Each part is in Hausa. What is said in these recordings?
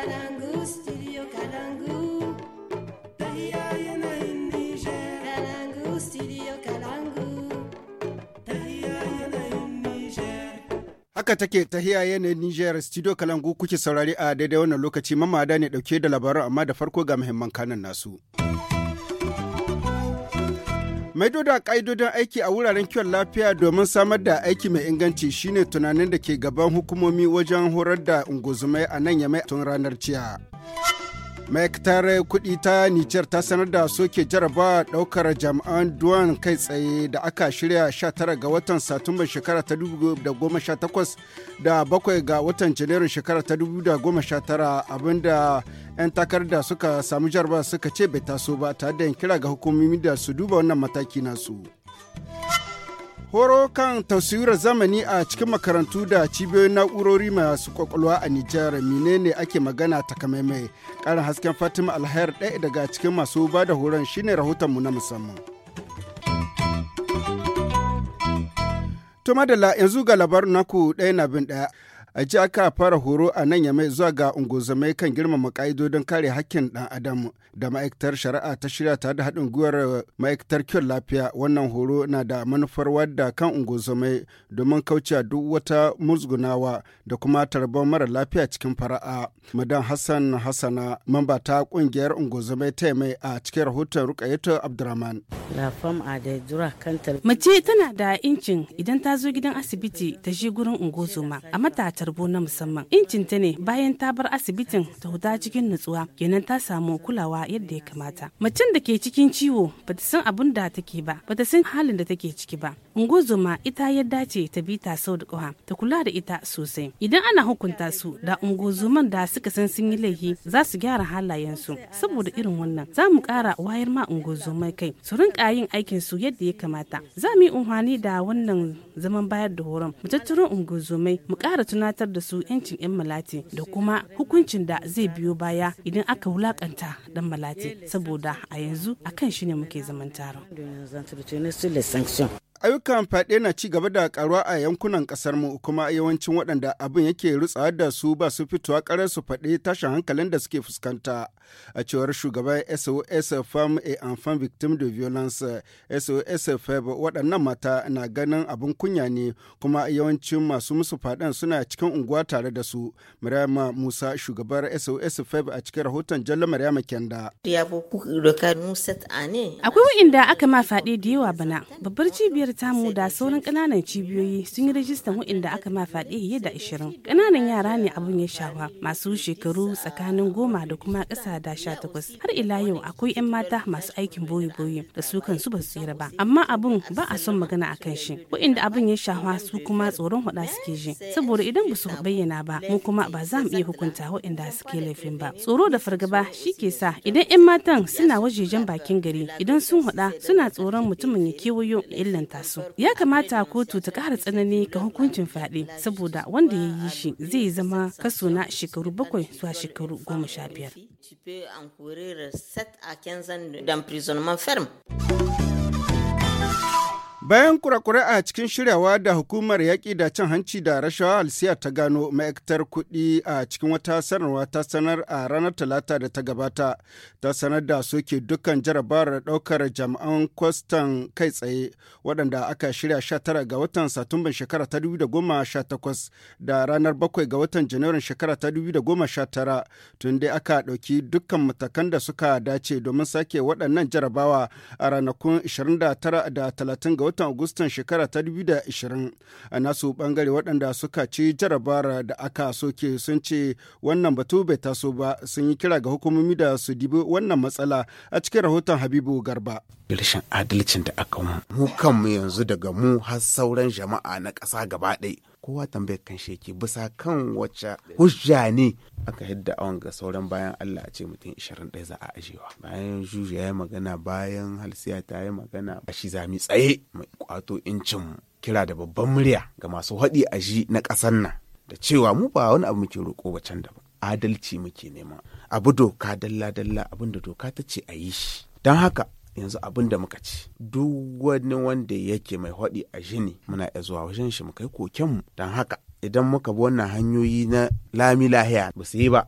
Kalangu, studio take tahiya yanayin Niger studio Kalangu kuke saurari a daidai wannan lokaci mamada ne dauke da labaran amma da farko ga muhimman kanan nasu. Maido da ƙa'idodin aiki a wuraren kiwon lafiya domin samar da aiki mai inganci shine tunanin da ke gaban hukumomi wajen horar da unguzumai a nan yamai tun ranar ciya. ma'aikatar kudi ta nijar ta sanar da soke jaraba ɗaukar jami'an duwan kai tsaye da aka shirya 19 ga watan satumba shekara ta 2018 da 7 ga watan janairun shekara ta 2019 abinda 'yan takarda suka samu jaraba suka ce bai taso ba tare da kira ga hukumomi da su duba wannan mataki nasu. horo kan tasirar zamani a cikin makarantu da cibiyoyin na'urori masu kwakwalwa a Nijar menene ake magana takamaimai karin hasken Fatima Alhayar ɗaya daga cikin masu ba da horon shine rahotonmu na musamman. To madalla yanzu ga labarin naku ɗaya na bin ɗaya. a ji aka fara horo a nan yamai zuwa ga unguzamai kan girmama ka'idodin kare hakkin ɗan adam da ma'aikatar shari'a ta shirya ta da haɗin gwiwar eh, ma'aikatar kyau lafiya wannan horo na da manufar wadda kan unguzamai domin kauce duk wata musgunawa da kuma tarban mara lafiya cikin fara'a madan hassan hassana mamba ta ƙungiyar unguzamai ta mai a cikin rahoton rukayeto abdurrahman mace tana da incin idan ta zo gidan asibiti ta shi gurin ungozoma a matatar tarbo na musamman injin ta ne bayan ta bar asibitin ta huta cikin nutsuwa kenan ta samu kulawa yadda ya kamata macen da ke cikin ciwo bata san abun da take ba ba ta san halin da take ciki ba ungozoma ita ya dace ta bi ta sau da ƙoha ta kula da ita sosai idan ana hukunta su da ungozoman da suka san sun yi laifi za su gyara halayensu saboda irin wannan za mu ƙara wayar ma ungozomai kai su rinka yin aikin su yadda ya kamata za mu yi unhwani da wannan zaman bayar da horon mu tattaro ungozomai mu ƙara tuna tunatar da su 'yancin 'yan malati da kuma hukuncin da zai biyo baya idan aka wulakanta dan malati saboda a yanzu akan shi ne muke zaman taron. ayyukan fyaɗe na ci gaba da karuwa a yankunan ƙasar mu kuma yawancin waɗanda abin yake rutsawa da su ba su fitowa ƙarar su faɗe tashin hankalin da suke fuskanta a cewar shugaban sos farm a enfant victim de violence sos fab waɗannan mata na ganin abin kunya ne kuma yawancin masu musu faɗen suna cikin unguwa tare da su maryama musa shugabar sos fab a cikin rahoton jalla maryama kenda akwai wa'inda aka ma faɗi da yawa bana babbar cibiyar kasar tamu da sauran ƙananan cibiyoyi sun yi rajistan waɗanda aka ma faɗi fiye da ashirin kananan yara ne abin ya shawa masu shekaru tsakanin goma da kuma ƙasa da sha takwas har ila yau akwai 'yan mata masu aikin boye-boye da su kansu ba su tsira ba amma abun ba a son magana a kan shi waɗanda abun ya shawa su kuma tsoron hada suke ji saboda idan ba su bayyana ba mu kuma ba za mu iya hukunta waɗanda suke laifin ba tsoro da fargaba shi ke sa idan 'yan matan suna wajejen bakin gari idan sun hada suna tsoron mutumin ya kewayo illanta su ya kamata kotu ta kara tsanani ga hukuncin fyaɗe saboda wanda ya yi shi zai zama kaso na shekaru bakwai zuwa shekaru goma sha biyar. Bayan kure-kure a cikin shiryawa da hukumar yaƙi da cin hanci da rashawa alsiya ta gano ma'aikatar kuɗi a cikin wata sanarwa ta sanar a ranar talata da ta gabata ta sanar da soke dukkan jarabawar ɗaukar jami'an kwastan kai tsaye waɗanda aka shirya 19 ga watan satumban shekara ta 2018 da ranar 7 ga watan janairun shekara ta 2019 tun dai aka ɗauki dukkan matakan da suka dace domin sake waɗannan jarabawa a ranakun 29 da 30 ga watan watan Agustan shekara ta 2020. A nasu bangare waɗanda suka ci jarabara da aka soke sun ce wannan batu bai taso ba sun yi kira ga hukumomi da su dibi wannan matsala a cikin rahoton Habibu Garba. Rashin adalcin da aka mu kanmu yanzu daga mu har sauran jama'a na ƙasa gaba ɗaya kowa tambayar kan sheki bisa kan wacce hujja ne aka hidda awon ga sauran bayan Allah a ce mutum 21 za a ajewa bayan juju ya magana bayan halsiya ta yi magana a shi zami tsaye mai kwato incin kira da babban murya ga masu haɗi a ji na ƙasar nan da cewa mu ba wani abu muke roƙo ba can da ba adalci muke nema abu doka dalla dalla abin da doka ta ce a yi shi don haka yanzu abin da muka ci duk wani wanda yake mai haɗi a jini muna iya zuwa wajen shi mu kai kokenmu don haka idan muka bi wannan hanyoyi na lami lahiya ba su yi ba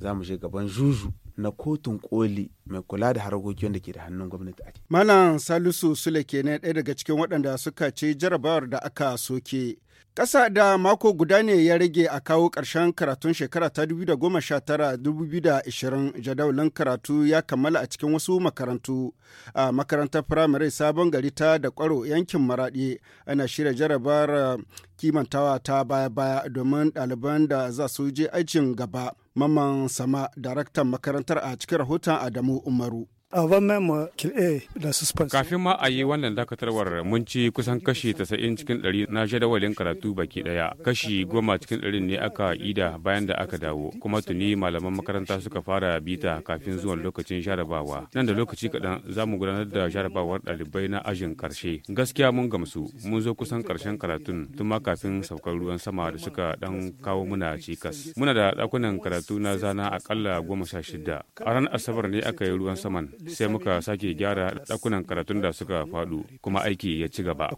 za mu je gaban juju na kotun koli mai kula da harkokin da ke da hannun gwamnati a Malam Salisu Sule ne ɗaya daga cikin waɗanda suka ce jarabawar da aka soke. Ƙasa da mako guda ne ya rage a kawo ƙarshen karatun shekara ta 2019-2020 jadawalin karatu ya kammala a cikin wasu makarantu. A makarantar firamare sabon gari ta da kwaro yankin maraɗi ana shirya jarabar eh, kimantawa ta baya-baya domin ɗaliban da za su je aikin gaba. Mamman Sama, daraktan makarantar a cikin rahoton Adamu Umaru. Kafin ma a yi wannan dakatarwar mun ci kusan kashi 90 cikin 100 na jadawalin karatu baki daya. Kashi goma cikin 100 ne aka ida bayan da aka dawo, kuma tuni malaman makaranta suka fara bita kafin zuwan lokacin jarabawa. Nan da lokaci kaɗan za mu gudanar da jarabawar ɗalibai na ajin karshe. Gaskiya mun gamsu, mun zo kusan karshen karatun tun ma kafin saukar ruwan sama da suka ɗan kawo muna cikas. Muna da ɗakunan karatu na zana akalla goma sha shida. A ran Asabar ne aka yi ruwan saman. sai muka sake gyara ɗakunan karatun da suka faɗo kuma aiki ya ci gaba.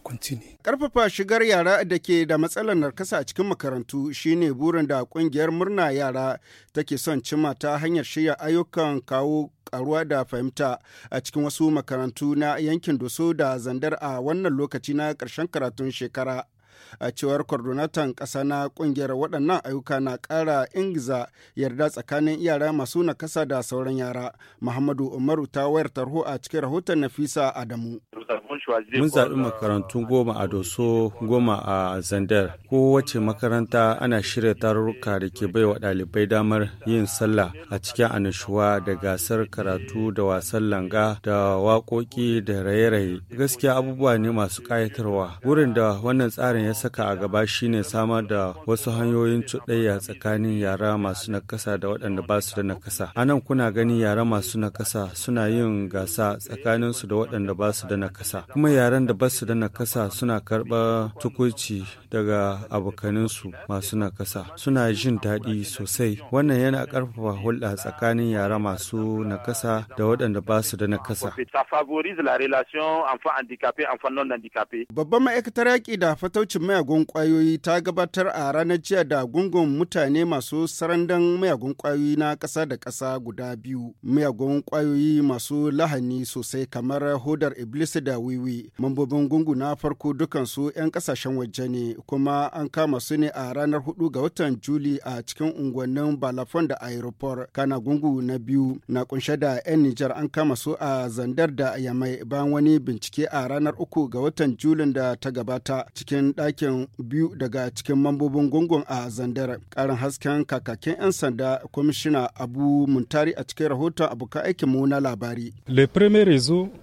Karfafa shigar yara da ke da matsalar narkasa a cikin makarantu shine burin da ƙungiyar murna yara take son cimma ta hanyar shirya ayyukan kawo ƙaruwa da fahimta a cikin wasu makarantu na yankin doso da zandar a wannan lokaci na ƙarshen karatun shekara. a cewar kwardonaton ƙasa na ƙungiyar waɗannan ayyuka na ƙara ingiza yarda tsakanin yara masu nakasa da sauran yara muhammadu umaru ta wayar tarho a cikin rahoton nafisa adamu Mun zaɓi makarantu goma a Doso goma a Zandar. Kowace makaranta ana shirya tarurruka da ke bai wa ɗalibai damar yin sallah a cikin annashuwa da gasar karatu da wasan langa da waƙoƙi da raye-raye. Gaskiya abubuwa ne masu ƙayatarwa. Wurin da wannan tsarin ya saka a gaba shine samar da wasu hanyoyin cuɗayya tsakanin yara masu nakasa da waɗanda ba su da nakasa. Anan kuna ganin yara masu nakasa suna yin gasa tsakaninsu da waɗanda ba su da nakasa. kuma yaren da basu da nakasa suna karɓa tukuci daga abokaninsu masu nakasa suna jin daɗi sosai wannan yana ƙarfafa hulɗa tsakanin yara masu nakasa da waɗanda basu da nakasa. Babban ma'aikatar yaƙi da fataucin mayagun ƙwayoyi ta gabatar a ranar jiya da gungun mutane masu sarandan mayagun ƙwayoyi na ƙasa da ƙasa guda biyu. Mayagun ƙwayoyi masu lahani sosai kamar hodar Iblis da wiwi mambobin gungu na farko dukansu 'yan kasashen waje ne kuma an kama su ne a ranar 4 ga watan juli a cikin unguwannin balafon da aeroport kana gungu na biyu na kunshe da 'yan nijar an kama su a zandar da yamai bayan wani bincike a ranar 3 ga watan julin da ta gabata cikin ɗakin biyu daga cikin mambobin gungun a zandar karin hasken kakakin 'yan sanda kwamishina abu muntari a cikin rahoton abokan aikin mu na labari.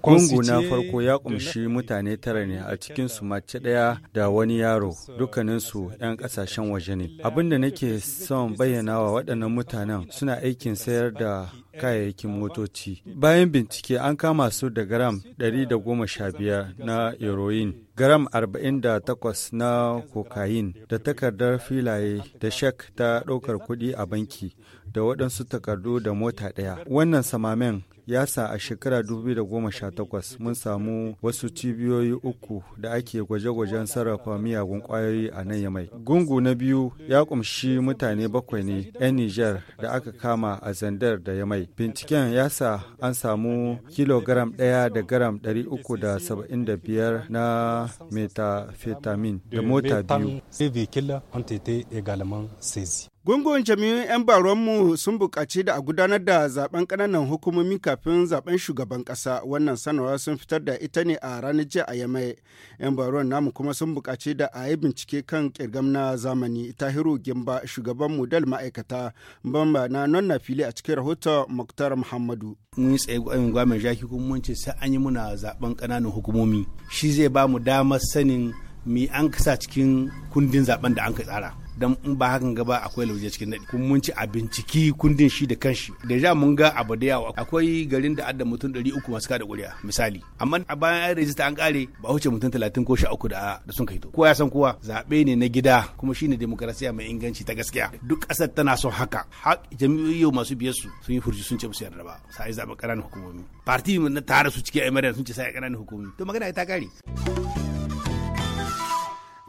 gungu na farko ya shi mutane tara ne a cikinsu mace ɗaya da wani yaro dukkaninsu 'yan ƙasashen waje ne. Abin da nake son bayyana wa waɗannan mutanen suna aikin sayar da kayayyakin motoci. Bayan bincike an kama su da gram 115 na heroin gram 48 na kokain da takardar filaye da shek ta ɗaukar kuɗi a banki da waɗansu takardu da mota ɗaya. Wannan samamen ya sa a shekara 2018 mun samu wasu cibiyoyi uku da ake gwaje-gwajen sarrafa miyagun ƙwayoyi a nan yamai. Gungu na biyu ya ƙumshi mutane bakwai ne 'yan Nijar da aka kama a zandar da yamai. Binciken ya sa an samu kilogram ɗaya da gram 375 na méthamphétamine, de motadio. Ces véhicules ont été également saisis. Gungun jami'in 'yan baronmu sun buƙaci da a gudanar da zaben ƙananan hukumomi kafin zaben shugaban ƙasa wannan sanarwa sun fitar da ita ne a ranar jiya a yamai 'yan baron namu kuma sun buƙaci da a yi bincike kan ƙirgam na zamani tahiru gimba shugaban dal ma'aikata bamba na nonna fili a cikin rahoton muktar muhammadu. mun tsaye gwamin gwamnati jaki kuma mun ce sai an yi muna zaben ƙananan hukumomi shi zai ba mu damar sanin mi an kasa cikin kundin zaben da an ka tsara dan in ba hakan gaba akwai lauje cikin nadi kun mun ci a binciki kundin shi da kanshi da ja mun ga abu da yawa akwai garin da adda mutum 300 masu kada kuri'a misali amma a bayan an rajista an kare ba huce mutum 30 ko 13 da da sun kaito ko ya san kowa zabe ne na gida kuma shine demokrasiya mai inganci ta gaskiya duk kasar tana son haka har jami'o'i masu biyar su sun yi furji sun ce musu yarda ba sai zabe ƙananan hukumomi parti na tare su cikin emirin sun ce sai ƙananan hukumomi to magana ta kare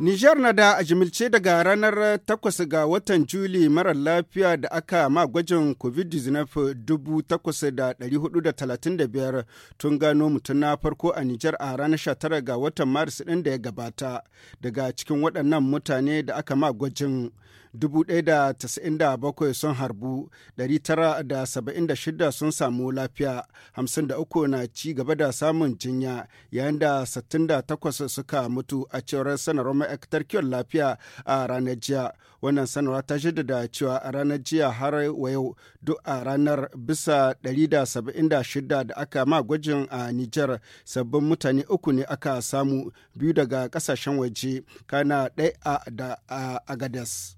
Nijar na da a jimilce daga ranar 8 ga watan Juli marar lafiya da aka ma gwajin COVID-19 8,435 tun gano mutum na farko a Nijar a ranar 19 ga watan Maris ɗin da ya gabata daga cikin waɗannan mutane da aka ma gwajin. 1,097 sun harbu, 976 sun samu lafiya, 53 na ci gaba da samun jinya yayin da 68 suka mutu a cewar sanarwar ma'aikatar kiwon lafiya a ranar jiya. Wannan sanarwa ta jaddada cewa a ranar jiya har yau duk a ranar bisa 176 da aka ma gwajin a Nijar sabbin mutane uku ne aka samu biyu daga kasashen waje kana ɗaya a Agadas.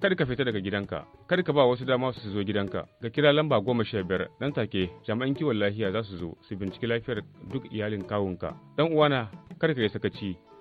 kada ka fita daga gidanka kada ka ba wasu dama su zo gidanka ga kira lamba goma sha biyar nan take jami'an kiwon lafiya za su zo su binciki lafiyar duk iyalin kawunka dan uwana kada ka yi sakaci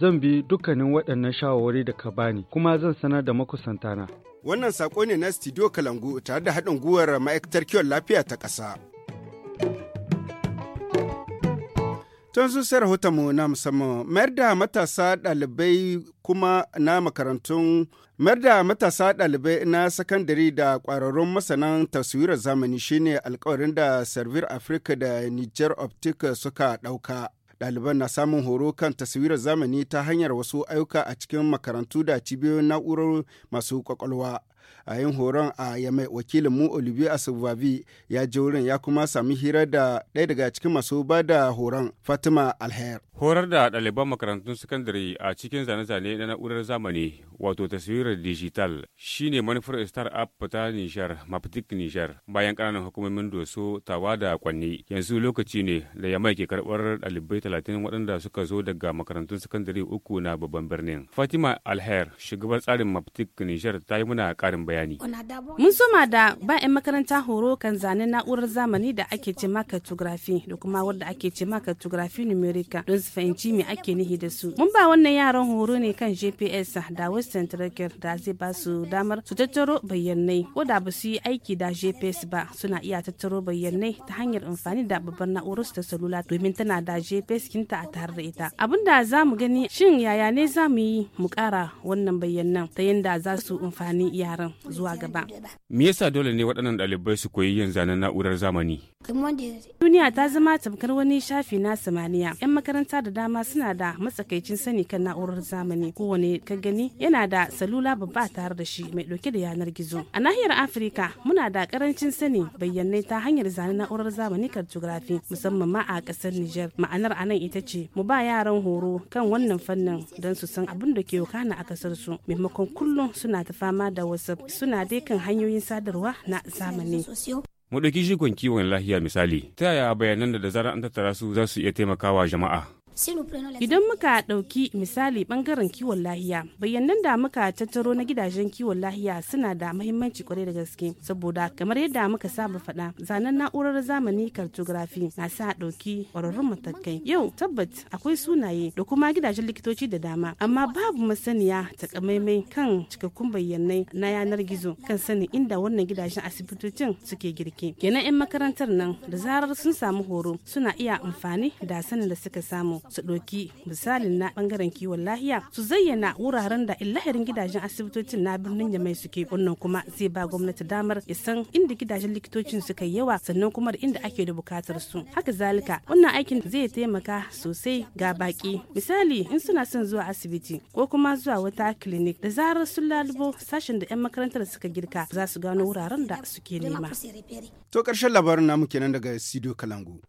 zan bi dukkanin waɗannan shawarwari da ka bani kuma zan sanar da makusantana. Wannan saƙo ne na Studio Kalangu tare da haɗin gwiwar ma'aikatar kiwon lafiya ta ƙasa. Tun sun sai rahotonmu na musamman mayar da matasa ɗalibai kuma na makarantun mayar da matasa ɗalibai na sakandare da ƙwararrun masanan taswirar zamani shine alkawarin da Servir Africa da Niger Optic suka ɗauka. Ɗaliban na samun horo kan taswirar zamani ta hanyar wasu ayyuka a cikin makarantu da cibiyoyin na'urar masu kwakwalwa. a yin horon a mai wakilin mu olivier asubavi ya je wurin ya kuma sami hira da ɗaya daga cikin masu ba da horon fatima alher horar da ɗaliban makarantun sakandare a cikin zane-zane na na'urar zamani wato taswirar digital shine manufar star app ta nishar maptik nishar bayan ƙananan hukumomin doso tawa da kwanni yanzu lokaci ne da yamai ke karɓar ɗalibai talatin waɗanda suka zo daga makarantun sakandare uku na babban birnin fatima alher shugabar tsarin maptic nishar ta yi muna ƙarin bayani bayani. Mun soma da ba makaranta horo kan zane na'urar zamani da ake ce ma cartography da kuma wadda ake ce ma cartography numerica don su fahimci me ake nihi da su. Mun ba wannan yaran horo ne kan GPS da Western Tracker da zai ba su damar su tattaro bayanai ko da ba su yi aiki da GPS ba suna iya tattaro bayanai ta hanyar amfani da babbar na'urar ta salula domin tana da GPS kinta a tare da ita. Abin da za mu gani shin yaya ne za mu yi mu kara wannan bayanan ta yadda za su amfani yaran. zuwa gaba. Me yasa dole ne waɗannan ɗalibai su koyi yin zanen na'urar zamani? Duniya ta zama tamkar wani shafi na samaniya. 'Yan makaranta da dama suna da matsakaicin sani kan na'urar zamani kowane ka gani yana da salula babba tare da shi mai ɗauke da yanar gizo. A nahiyar Afirka muna da karancin sani bayyanai ta hanyar zane na'urar zamani cartography musamman ma a ƙasar Nijar. Ma'anar anan ita ce mu ba yaran horo kan wannan fannin don su san abin da ke wakana a ƙasar su maimakon kullum suna ta fama da wasu suna dai kan hanyoyin sadarwa na zamani. mu ɗauki shigon kiwon lahiya misali ta yaya bayanan da zarar an tattara su za su iya taimakawa jama'a Idan muka ɗauki misali ɓangaren kiwon lahiya, bayanan da muka tattaro na gidajen kiwon lahiya suna da mahimmanci kwarai da gaske saboda kamar yadda muka saba faɗa zanen na'urar zamani cartography na sa ɗauki ƙwararrun matakai. Yau tabbat akwai sunaye da kuma gidajen likitoci da dama amma babu masaniya takamaimai kan cikakkun bayyanai na yanar gizo kan sanin inda wannan gidajen asibitocin suke girki Kenan 'yan makarantar nan da zarar sun samu horo suna iya amfani da sanin da suka samu su ɗauki misalin na ɓangaren kiwon lahiya su zayyana wuraren da illahirin gidajen asibitocin na birnin yamai suke wannan kuma zai ba gwamnati damar ya san inda gidajen likitocin suka yi yawa sannan kuma da inda ake da bukatar su haka zalika wannan aikin zai taimaka sosai ga baki misali in suna son zuwa asibiti ko kuma zuwa wata clinic da zarar sun lalubo sashen da 'yan makarantar suka girka za su gano wuraren da suke nema to karshen labarin namu kenan daga studio kalangu